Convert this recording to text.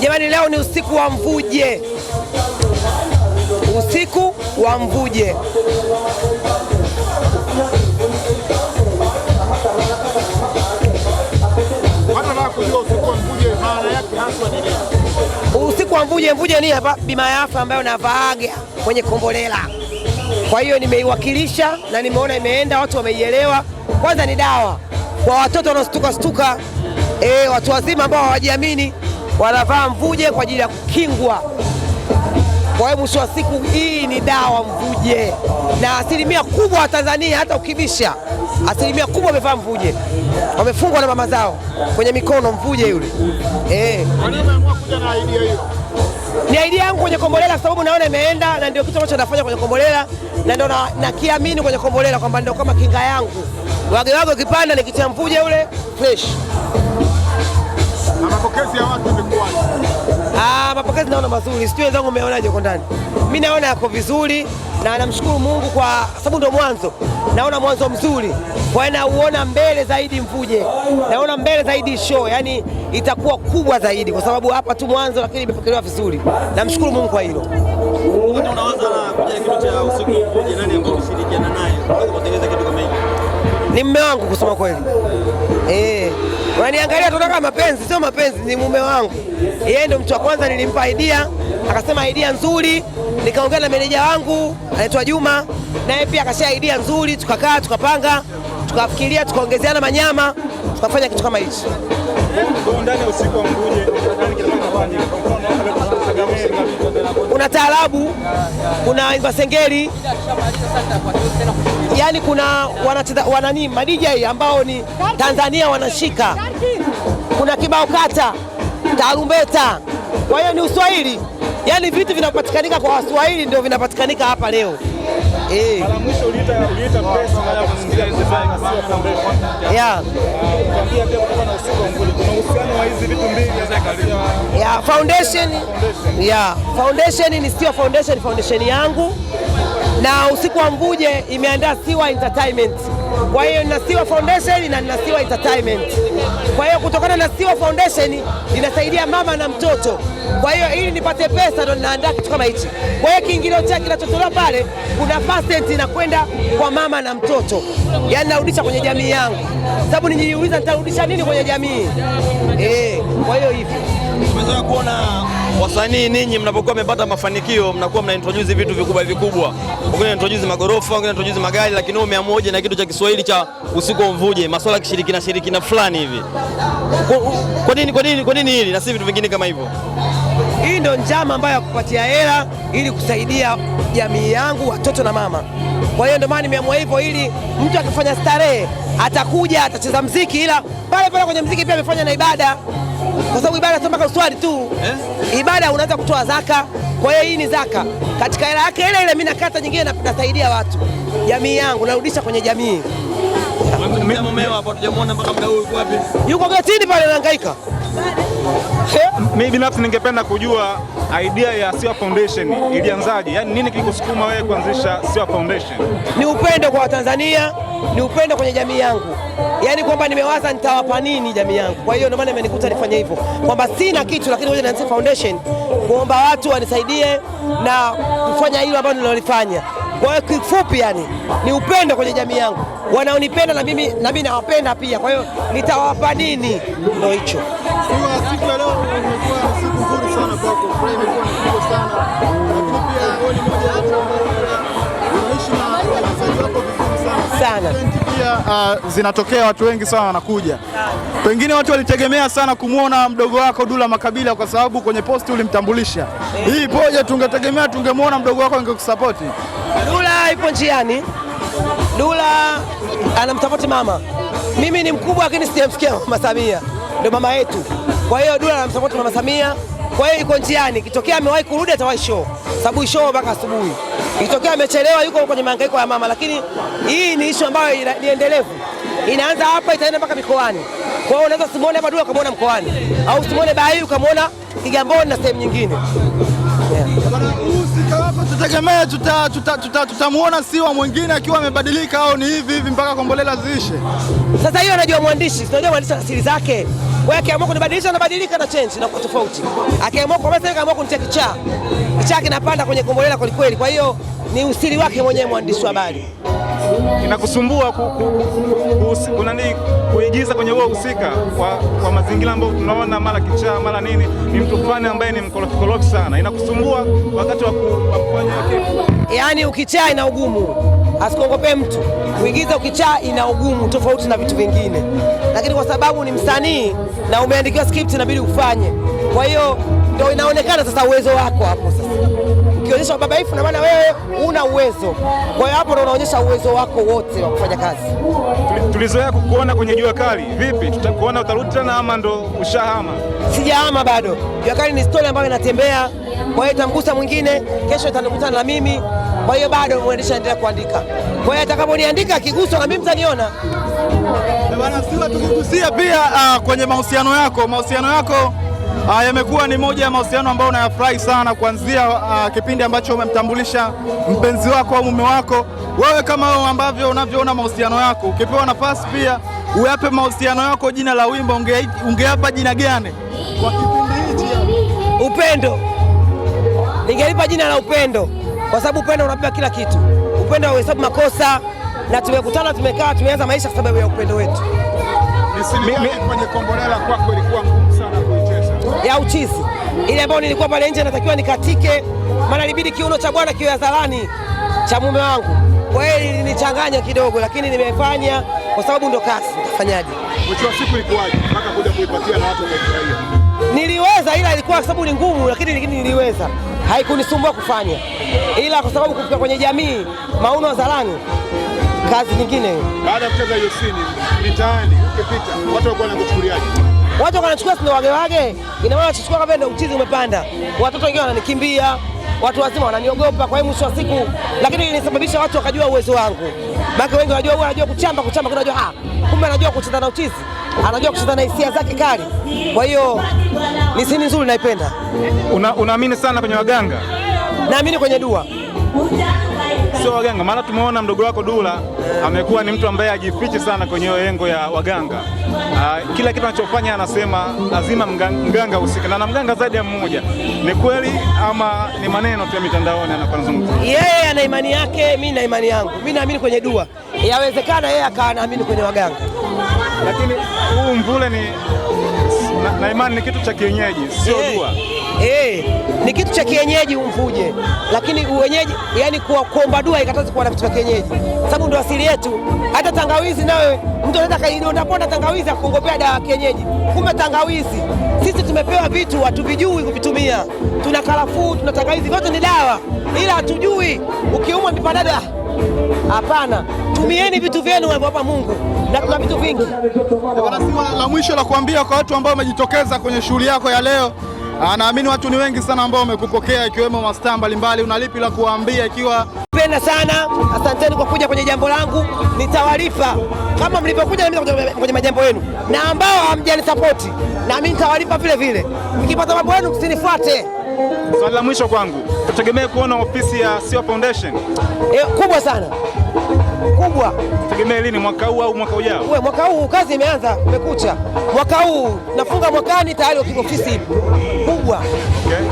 Jamani, leo ni usiku wa mvuje, usiku wa mvuje. Usiku wa mvuje, mvuje ni hapa bima ya afya ambayo navaaga kwenye kombolela. Kwa hiyo nimeiwakilisha na nimeona imeenda, watu wameielewa. Kwanza ni dawa kwa watoto wanaostuka stuka, eh, watu wazima ambao hawajiamini wanavaa mvuje kwa ajili ya kukingwa. Kwa hiyo mwisho wa siku hii ni dawa mvuje, na asilimia kubwa wa Tanzania hata ukibisha, asilimia kubwa wamevaa mvuje, wamefungwa na mama zao kwenye mikono mvuje yule eh. Ni idea yangu kwenye Kombolela sababu naona imeenda, na ndio kitu ambacho nafanya kwenye Kombolela na ndio nakiamini na kwenye Kombolela kwamba ndio kama kinga yangu, wage wage ukipanda nikitia mvuje yule fresh na mapokezi ya watu Ah, mapokezi naona mazuri, sijui wenzangu umeonaje huko ndani? Mimi naona yako vizuri na namshukuru Mungu kwa sababu ndo mwanzo, naona mwanzo mzuri, kwa ina nauona mbele zaidi Mvuje, naona mbele zaidi show, yani itakuwa kubwa zaidi, kwa sababu hapa tu mwanzo, lakini imepokelewa vizuri. Namshukuru Mungu kwa hilo. Ni mume wangu kusema kweli eh. Unaniangalia kama mapenzi, sio mapenzi, ni mume wangu. Yeye ndo mtu wa kwanza nilimpa idea, akasema idea nzuri. Nikaongea na meneja wangu anaitwa Juma, naye pia akashia idea nzuri, tukakaa tukapanga, tukafikiria, tukaongezeana manyama, tukafanya kitu kama hichi kuna taarabu, kuna imba sengeli, yani kuna wanacheza wanani madijai ambao ni Tanzania wanashika, kuna kibao kata, tarumbeta. Kwa hiyo ni uswahili, yani vitu vinapatikanika kwa waswahili ndio vinapatikanika hapa leo. Eh. Yeah. foundation, foundation. Yeah. Foundation ni Siwa Foundation, foundation yangu na usiku wa Mvuje imeandaa Siwa Entertainment. Kwa hiyo na Siwa Foundation na nina Siwa Entertainment. Kwa hiyo kutokana na Siwa Foundation inasaidia mama na mtoto, kwa hiyo ili nipate pesa ndo ninaandaa kitu kama hichi. Kwa hiyo kiingilio chake kinachotolewa pale, kuna percent inakwenda kwa mama na mtoto, yaani narudisha kwenye jamii yangu, sababu nilijiuliza nitarudisha nini kwenye jamii eh, kwa hiyo hivi. Tumezoea kuona wasanii ninyi mnapokuwa mmepata mafanikio mnakuwa mna introduce vitu vikubwa vikubwa, wengine introduce magorofa, wengine introduce magari, lakini wewe umeamua na kitu cha Kiswahili cha usiku mvuje, masuala ya kishirikina shirikina fulani hivi. Kwa nini, kwa nini, kwa nini hili na si vitu vingine kama hivyo? Hii ndio njama ambayo ya kupatia hela ili kusaidia jamii yangu, watoto na mama. Kwa hiyo ndio maana nimeamua hivyo, ili mtu akifanya starehe atakuja atacheza mziki, ila pale pale kwenye mziki pia amefanya na ibada kwa sababu ibada sio mpaka uswali tu eh? Ibada unaweza kutoa zaka. Kwa hiyo hii ni zaka katika hela yake ile ile, mimi nakata nyingine nasaidia watu, jamii yangu narudisha kwenye jamii. Yuko getini pale anahangaika. Eh? Mimi binafsi ningependa kujua idea ya Siwa Foundation ilianzaje? Yaani nini kilikusukuma wewe kuanzisha Siwa Foundation? Ni upendo kwa Watanzania, ni upendo kwenye jamii yangu, yaani kwamba nimewaza nitawapa nini jamii yangu. Kwa hiyo ndio maana imenikuta nifanye hivyo, kwamba sina kitu, lakini ngoja nianze foundation kuomba watu wanisaidie na kufanya hilo ambalo nilolifanya. Kwa hiyo kifupi, yani ni upendo kwenye jamii yangu, wanaonipenda na mimi na mimi nawapenda pia. Kwa hiyo nitawapa nini? Ndio hicho. Siku ya leo pia uh, zinatokea watu wengi sana wanakuja, pengine watu walitegemea sana kumwona mdogo wako Dula Makabila kwa sababu kwenye posti ulimtambulisha. Hii poje, tungetegemea tungemwona mdogo wako angekusapoti. Dula ipo njiani, Dula anamsapoti mama. Mimi ni mkubwa lakini sijamsikia mama Samia, ndio mama yetu. Kwa hiyo Dula anamsapoti mama Samia. Kwa hiyo yuko njiani, kitokea amewahi kurudi atawahi show, sababu show mpaka asubuhi. Ikitokea amechelewa, yuko kwenye mahangaiko ya mama, lakini hii ni issue ambayo ni endelevu, inaanza hapa, itaenda mpaka mikoani. Kwa hiyo unaweza simuone hapa Dula ukamwona mkoani, au usimwone Bahai ukamwona Kigamboni na sehemu nyingine. Tutegemee tutamuona Siwa mwingine akiwa amebadilika, au ni hivi hivi mpaka Kombolela ziishe? Sasa hiyo anajua mwandishi, unajua mwandishi asili zake wewe akiamua kunibadilisha nabadilika na change na kuwa tofauti. Akiamua kwa mfano akaamua kunitia kichaa. Kichaa kinapanda kwenye kombolela kwa kweli. Kwa hiyo ni usiri wake mwenyewe mwandishi wa habari. Inakusumbua ku, ku, ku, ku, kuna nini kuigiza kwenye huo husika kwa, kwa mazingira ambayo tunaona mara kichaa mara nini, ni mtu fulani ambaye ni mkorofokorofi sana. Inakusumbua wakati wa kufanya, yaani ukichaa ina ugumu asikokopee mtu. Kuigiza ukichaa ina ugumu tofauti na vitu vingine, lakini kwa sababu ni msanii na umeandikiwa script inabidi ufanye. Kwa hiyo ndio inaonekana sasa uwezo wako hapo sasa, ukionyesha babaifu na maana wewe una uwezo. Kwa hiyo hapo ndio unaonyesha uwezo wako wote wa kufanya kazi. Tulizoea kukuona kwenye jua kali, vipi, tutakuona utarudi tena ama ndo ushahama? Sijahama bado. Jua kali ni story ambayo inatembea, kwa hiyo itamgusa mwingine, kesho itanikutana na mimi kwa hiyo bado mwendesha endelea kuandika. Kwa hiyo atakaponiandika akiguswa na mimi mtaniona. Eh, bwana Silva, tukigusia pia uh, kwenye mahusiano yako, mahusiano yako uh, yamekuwa ni moja ya mahusiano ambayo unayafurahi sana kuanzia uh, kipindi ambacho umemtambulisha mpenzi wako au mume wako. Wewe kama ambavyo unavyoona mahusiano yako, ukipewa nafasi pia uyape mahusiano yako jina la wimbo, ungeapa jina gani kwa kipindi hichi? Upendo, ningelipa jina la upendo kwa sababu upendo unabeba kila kitu. Upendo hauhesabu makosa, na tumekutana, tumekaa, tumeanza maisha kwa sababu ya upendo wetu. Kwenye Kombolela kwako ilikuwa ngumu sana kuicheza ya uchizi ile ambayo nilikuwa pale nje natakiwa nikatike, maana ilibidi kiuno cha bwana kiwe hadharani cha mume wangu. Kwa hiyo ilinichanganya kidogo, lakini nimefanya kwa sababu ndo kazi, nitafanyaje? Mwisho wa siku ilikuwaje mpaka kuja kuipatia na watu wamefurahia? Niliweza, ila ilikuwa sababu ni ngumu, lakini niliweza haikunisumbua kufanya, ila kwa sababu kufika kwenye jamii Mauna zalani kazi nyingine. Baada ya kucheza hiyo sini mitaani, ukipita watu walikuwa wanakuchukuliaje? Watu wanachukua sio wage wage, ina maana chukua kama ndio mchizi umepanda. Watoto wengine wananikimbia, watu wazima wananiogopa. Kwa hiyo mwisho wa siku, lakini ilisababisha watu wakajua uwezo wangu, maana wengi wanajua wanajua kuchamba kuchamba, kunajua ah, kumbe anajua kucheza na uchizi anajua kucheza na hisia zake kali, kwa hiyo ni sini nzuri, naipenda. Unaamini una sana kwenye waganga? Naamini kwenye dua, sio waganga, maana tumeona mdogo wako Dula eh, amekuwa ni mtu ambaye ajifichi sana kwenye engo ya waganga. Uh, kila kitu anachofanya anasema lazima mganga husika, na na mganga zaidi ya mmoja. Ni kweli ama ni maneno tu ya mitandaoni anazungumza? Yeye yeah, ana imani yake, mimi na imani yangu. Mimi naamini kwenye dua, yawezekana yeye akaanaamini kwenye waganga lakini huu mvule ni na, na imani ni kitu cha kienyeji sio eh, dua. Eh, ni kitu cha kienyeji umvuje, lakini uwenyeji, yani kuomba dua ikatazi kuwa na vitu vya kienyeji, sababu ndo asili yetu. Hata tangawizi nawe mtu anaweza unapona tangawizi akuongopea dawa ya kienyeji, kumbe tangawizi. Sisi tumepewa vitu hatuvijui kuvitumia, tuna karafuu, tuna tangawizi, vyote ni dawa, ila hatujui. Ukiumwa mipadada, ah, hapana, tumieni vitu vyenu alivyowapa Mungu na kuna vitu vingi. La mwisho la kuambia kwa watu ambao wamejitokeza kwenye shughuli yako ya leo, ah, naamini watu ni wengi sana ambao wamekupokea ikiwemo mastaa mbalimbali, una lipi la kuambia? ikiwa penda sana? Asanteni kwa kuja kwenye jambo langu, ni taarifa kama mlivyokuja nami kwenye majambo yenu, na ambao hamjanisapoti na mimi nitawalipa vile vile. Mkipata mambo yenu msinifuate. Swali la mwisho kwangu, tutegemee kuona ofisi ya Sio Foundation e, kubwa sana kubwa. Tegemea lini, mwaka huu au mwaka ujao? Wewe mwaka huu kazi imeanza, umekucha. Mwaka huu nafunga mwakani, tayari ofisi kubwa. Okay.